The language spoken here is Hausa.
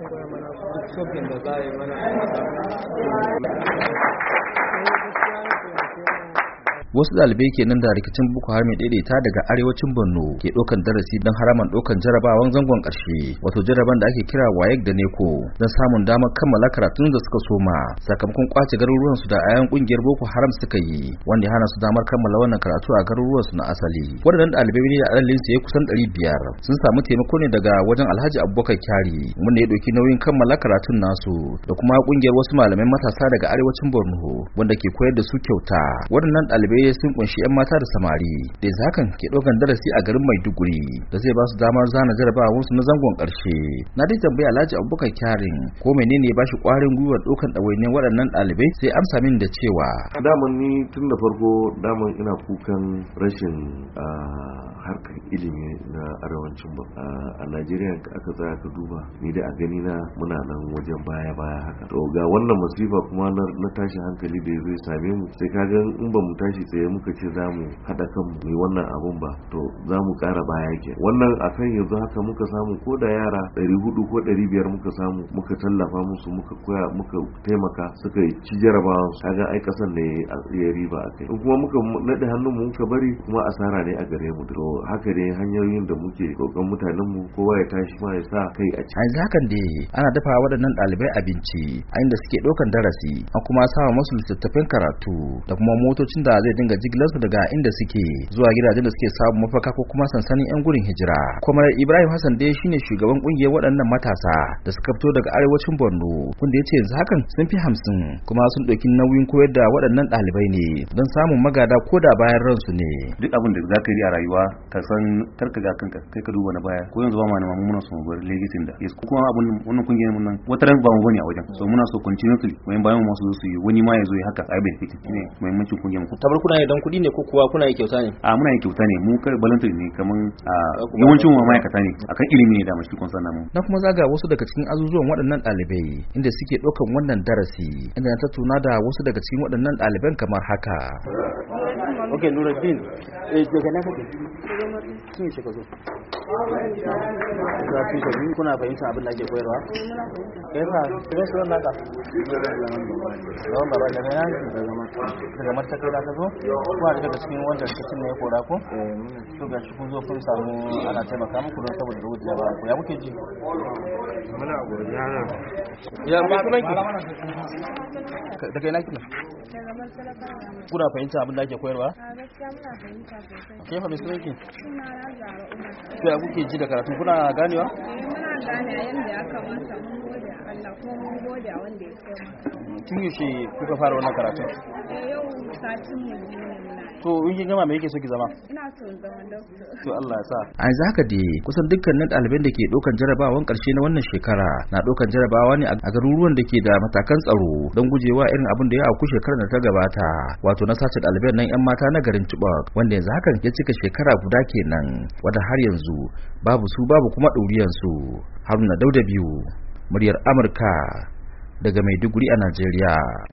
mana wasu dalibai kenan da rikicin boko haram daidaita daga arewacin borno ke ɗaukan darasi don haraman ɗaukan jarabawan zangon ƙarshe wato jaraban da ake kira wayek da neko don samun damar kammala karatun da suka soma sakamakon kwace garuruwan su da ayan kungiyar boko haram suka yi wanda ya hana su damar kammala wannan karatu a garuruwan su na asali waɗannan ɗalibai ne da alalin su ya kusan ɗari biyar sun samu taimako ne daga wajen alhaji abubakar kyari wanda ya ɗauki nauyin kammala karatun nasu da kuma kungiyar wasu malamai matasa daga arewacin borno wanda ke koyar da su kyauta waɗannan ɗalibai boye sun kunshi 'yan mata da samari da yanzu hakan ke ɗaukan darasi a garin maiduguri da zai ba su damar zana jarabawar su na zangon ƙarshe na dai tambaya alhaji abubakar kyarin ko menene ya bashi ƙwarin gwiwar ɗaukan ɗawainiyar waɗannan ɗalibai sai amsa min da cewa daman ni tun da farko daman ina kukan rashin harkar ilimi na arewacin ba a najeriya aka tsaya ka duba ni da a gani na muna nan wajen baya baya haka to ga wannan masifa kuma na tashi hankali da ya same mu sai ka ga in ba mu tashi tsaye muka ce za mu haɗa kan mai wannan abun ba to za mu ƙara baya ke wannan akan yanzu haka muka samu ko da yara ɗari hudu ko ɗari biyar muka samu muka tallafa musu muka koya muka taimaka suka ci jarabawan kaga ai ƙasan ne ya riba a kai kuma muka naɗe hannun mu muka bari kuma asara ne a gare mu to haka ne hanyoyin da muke roƙon mutanen mu kowa ya tashi ma ya sa kai a ciki yanzu hakan da ana dafa waɗannan ɗalibai abinci a inda suke ɗaukan darasi an kuma sawa musu littattafan karatu da kuma motocin da zai dinga jigilar su daga inda suke zuwa gidajen da suke samu mafaka ko kuma sansanin yan gurin hijira kuma Ibrahim Hassan dai shine shugaban kungiyar waɗannan matasa da suka fito daga arewacin Borno kun da yace yanzu hakan sun fi hamsin kuma sun ɗauki nauyin koyar da waɗannan ɗalibai ne don samun magada ko da bayan ransu ne duk abin da zaka yi a rayuwa ka san karka ga kanka kai ka duba na baya ko yanzu ba ma namu muna so mu bar legacy da yes kuma abun wannan kungiyar mun nan wata ran ba mu bane a wajen so muna so continuously wayan bayan mu su yi wani ma ya zo ya haka ai benefit ne muhimmancin kungiyar mu tabarku kuna yi don kuɗi ne ko kuwa kuna yi kyauta ne a muna yi kyauta ne mu kai balantin ne kaman yawancin mu ma'aikata ne akan ilimi ne da mu cikin sannan mu na kuma zaga wasu daga cikin azuzuwan waɗannan ɗalibai inda suke ɗaukan wannan darasi inda na tuna da wasu daga cikin waɗannan ɗaliban kamar haka Okay, Nuruddin, eh, daga na kake? Sun yi zo. zafi kuna fahimta abin da ake koyarwa eh, baba daga matakai da ka zo kuma daga cikin wanda cin kora ga shi kun zo kun samu ana taimaka muku don saboda ku ya ji muna godiya na ya kuma ki daga ina kina kuna fahimta abin da ake koyarwa kuke ji da karatu kuna ganewa? Muna gane yadda ya kamata mun gode Allah ko mun gode wanda ya kai mu. Tun yaushe kuka fara wannan karatu eh, Yau satin mu ne to in kin gama me yake so ki zama ina so zama doctor to Allah ya sa a yanzu haka dai kusan dukkanin ɗaliban da ke dokan jarabawan ƙarshe na wannan shekara na ɗaukan jarabawa ne a garuruwan da ke da matakan tsaro don gujewa irin abin da ya auku shekarar da ta gabata wato na sace ɗaliban nan yan mata na garin Chibok wanda yanzu hakan ya cika shekara guda kenan wanda har yanzu babu su babu kuma ɗuriyan su Haruna Dauda biyu muryar Amurka daga Maiduguri a Najeriya